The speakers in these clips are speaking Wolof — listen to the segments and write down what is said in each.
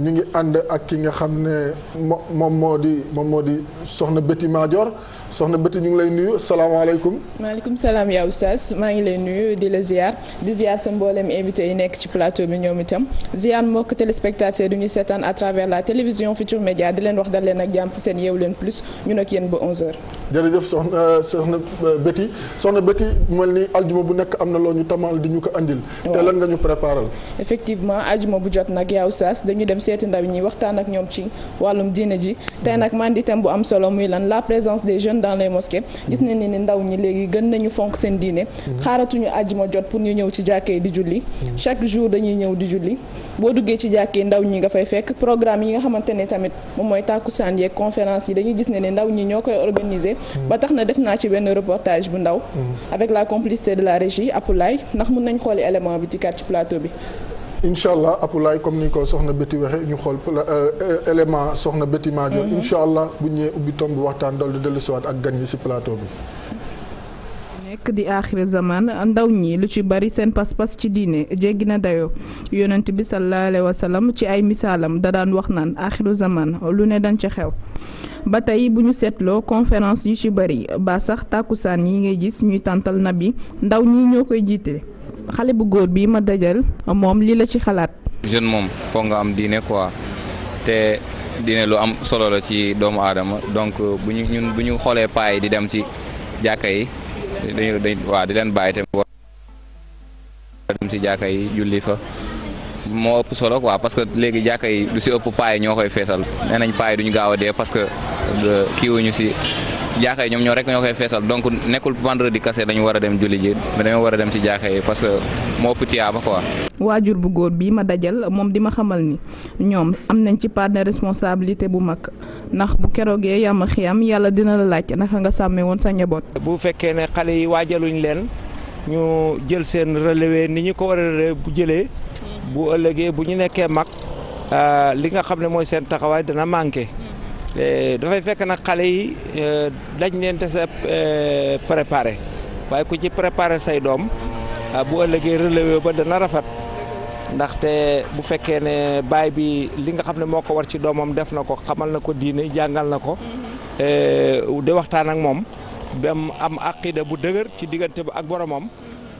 ñu ngi ànd ak ki nga xam ne moom moo di moom moo di soxna Betty Madior soxna Betty ñu ngi lay nuyu salaamaaleykum. maaleykum salaam yaa oustaz maa ngi lay nuyu di la ziar di ziar sa mboolem invité yi nekk ci plateau bi ñoom itam ziar mbokk téléspectateur du ñu seetaan à travers la télévision Futur Média di leen wax dal leen ak jàmm ci seen yeewu leen plus ñu ak yéen ba 11h. jërëjëf soxna soxna euh, Betty soxna Betty mel ni aljuma bu nekk am na loo ñu tamal di ñu ko indil te lan nga ñu préparal. effectivement aljuma bu jot nag yaaw saas dañu dem seeti ndaw ñi waxtaan ak ñoom ci wàllum diine ji tey nag man bu am solo muy lan la présence des jeunes dans les mosquées gis nañ ni ndaw ñi léegi gën nañu fonk seen diine. Mhm. xaaratuñu aljuma jot pour ñu ñëw ci jàkkee di julli. Mhm. chaque jour dañuy ñëw di julli. boo duggee ci jàkk yi ndaw ñi nga fay fekk programme yi nga xamante ne tamit moom mooy tàkkusaan yeeg conférence yi dañuy gis ne ne ndaw ñi ñoo koy organiser mm. ba tax na def naa ci benn reportage bu ndaw mm. avec la complicité de la régie Apoulaye ndax mun nañ xooli élément bi dikkaat ci plateau bi incha allah apulaay comme ni ko soxna bëti waxee ñu xool euh, euh, élément soxna Betty Madior mm-hmm. incha allah bu ñëwee ubbi tomb waxtaan dal di dellusiwaat ak gan yi ci plateau bi nekk di aaxiri zaman ndaw ñi lu ci bari seen pas-pas ci diine jéggi na dayo yonent bi sallallahu alayhi wa sallam ci ay misaalam da daan wax naan aaxiru zaman lu ne dañ ca xew ba tey bu ñu seetloo conférence yu ci bari ba sax tàkkusaan yi ngay gis ñuy tàntal na bi ndaw ñi ñoo koy jiite xale bu góor bi ma dajal moom li la ci xalaat jeune moom foog nga am diine quoi te diine lu am solo la ci doomu aadama donc bu ñu bu ñu xoolee paay di dem ci jàkka yi dañu dañ waaw di leen bàyyi tamit dem si jàkka yi julli fa moo ëpp solo waa parce que léegi jàkka yi du si ëpp paay ñoo koy feesal nee nañ paay duñu gaaw a dee parce que euh, kiiwuñu si jaaxa yi ñoom ñoo rek ñoo koy feesal donc nekkul vendredi kase dañu war a dem julli ji dañoo war a dem ci jaaxa yi parce que moo ëpp tiyaaba quoi. waajur bu góor bii ma dajal moom di ma xamal ni ñoom am nañ ci part de responsabilité bu mag ndax bu keroogee yàmm xiyam yàlla dina la laaj naka nga sàmmee woon sa njaboot. bu fekkee ne xale yi waajaluñ leen ñu jël seen relevé ni ñu ko war a bu jëlee bu ëllëgee bu ñu nekkee mag euh, li nga xam ne mooy seen taxawaay dana manqué. Eh, dafay fekk nag xale yi eh, dañ leen te sa eh, préparé waaye ku ci prépare say doom ah, bu ëllëgee relevé ba dana rafet ndaxte bu fekkee ne baay bi li nga xam ne moo ko war ci doomam def na ko xamal na ko diine jàngal na ko di waxtaan ak moom bam am aqida bu dëgër ci diggante bi ak boromam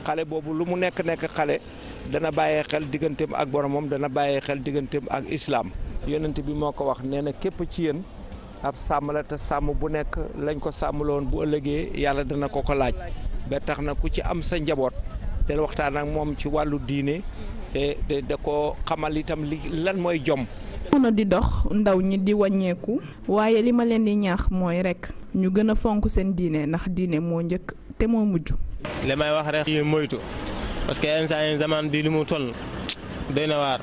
xale boobu lu mu nekk nekk xale dana bàyyee xel digganteem ak boromam dana bàyyee xel digganteem ak islaam yoonante bi moo ko wax nee na képp ci yéen ab sàmm la te sàmm bu nekk lañ ko sàmmloon bu ëllëgee yàlla dina ko ko laaj ba tax na ku ci am sa njaboot del waxtaan ak moom ci wàllu diine te da ko xamal itam lan mooy jom. mën di dox ndaw ñi di wàññeeku waaye li ma leen di ñaax mooy rek ñu gën a fonk seen diine ndax diine moo njëkk te moo mujj. li may wax rek yi moytu parce que instant yi zaman bi li mu toll doy na waar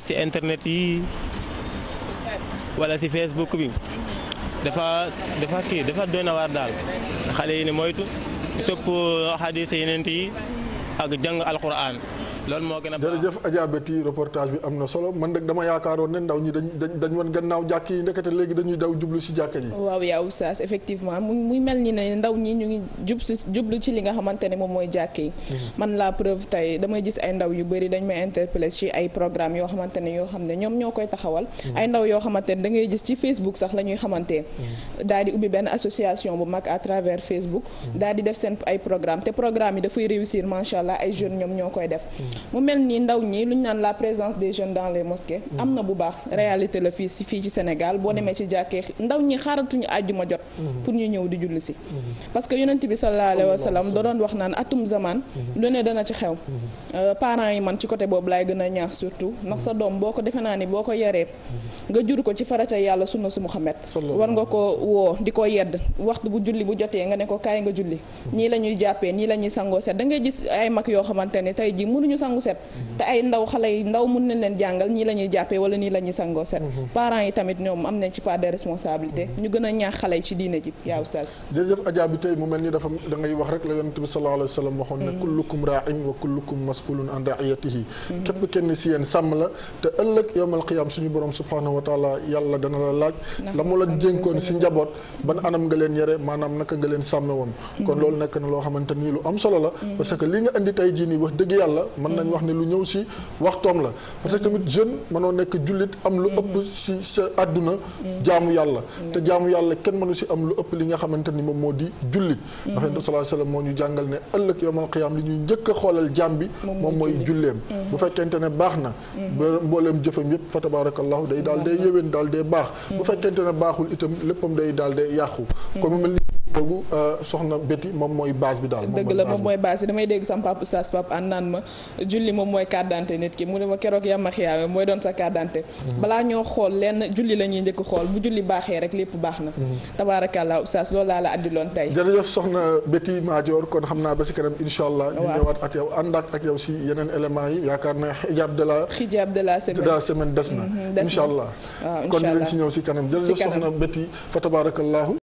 ci internet yi. wala si Facebook bi dafa dafa kii dafa doy waar daal xale yi ne moytu topp xadis yeneen yi ak jàng alquran loolu moo gën a baax jërëjëf Adja Betty reportage bi am na solo man nag dama yaakaaroon ne ndaw ñi dañ dañ dañ wan gannaaw jàkk yi ndekete léegi dañuy daw jublu si jàkka ji waaw yaa oustaz effectivement mu muy mel ni ne ndaw ñi ñu ngi jub si jublu ci li nga xamante ne moom mooy jàkk yi mhm. man la preuve tey damay gis ay ndaw yu bëri dañ may interpellé ci ay programme yoo xamante ne yoo xam ne ñoom ñoo koy taxawal mhm. ay ndaw yoo xamante ne da ngay gis ci Facebook sax la ñuy xamante mhm. daal di ubbi benn association bu mag à travers Facebook daal di def seen ay programme te programme yi dafay réussir macha allah ay jeunes ñoom ñoo koy def mu mel ni ndaw ñi lu ñu naan la présence des jeunes dans les mosquées mm. am na bu baax réalité la fii si fii ci Sénégal boo demee ci jàkkee ndaw ñi xaaratuñu àjjuma jot mm. pour ñu ñëw di julli si mm. parce que yonent bi sallallahu alayhi wa sallam da doon wax naan atum zaman lu ne dana ci xew euh, parents a ñaax surtout ndax sa doom boo ko defe naa ni boo ko yaree nga jur ko ci farata yàlla sunna su Muhammad war nga ko woo di ko yedd waxtu bu julli bu jotee nga ne ko kaay nga julli ñii la ñuy jàppee ñii la ñuy sangoo set da gis ay mag yoo xamante tey ji sangu set te ay ndaw xale yi ndaw mun nañ leen jàngal ñii la ñuy jàppee wala nii la ñuy sangoo set mhm. parents yi tamit ñoom am nañ ci part de responsabilité mhm. ñu gën a ñaax xale yi ci diine ji yaa oustaz jërëjëf Adja bi tey mu mel ni dafa da wax rek la yonent bi sallallahu alayhi waxoon ne mhm. kullukum ra'in wa kullukum mas'ulun an ra'iyatihi képp kenn yàlla dana la laaj la mu la jénkoon si njaboot ban anam nga leen yare maanaam naka nga leen sàmme woon kon loolu mën nañ wax ne lu ñëw si waxtoom la parce que tamit jeune mënoo nekk jullit am lu ëpp si sa àdduna jaamu yàlla te jaamu yàlla kenn mënu si am lu ëpp li nga xamante ni moom moo di julli mm-hmm. ndax yonent sallallahu alayhi wasallam moo ñu jàngal ne ëllëg yawmal qiyaam li ñuy njëkk a xoolal jaam bi moom mooy julleem mm-hmm. bu fekkente ne baax na mm-hmm. mbooleem jëfam yëpp fa tabaarakallahu day daal day yëwén daal day baax bu fekkente ne baaxul itam léppam day daal day yàqu boobu euh, soxna Betty moom mooy base bi daal. dëgg la moom mooy base bi naan ma julli moom mooy carte nit ki mu ne keroog yàmma mooy doon sa carte mhm. balaa ñoo xool lenn julli la ñuy njëkk xool bu julli baaxee rek lépp baax na mhm. tabaarakallaa oustaz loolu laa la addiloon tey jërëjëf soxna Betty Madior kon xam naa ba si kanam insha allah ñu ñëwaat ak yow àndaat ak yow si yeneen éléments yi yaakaar na xijaab de la xijaab la semaine la semaine des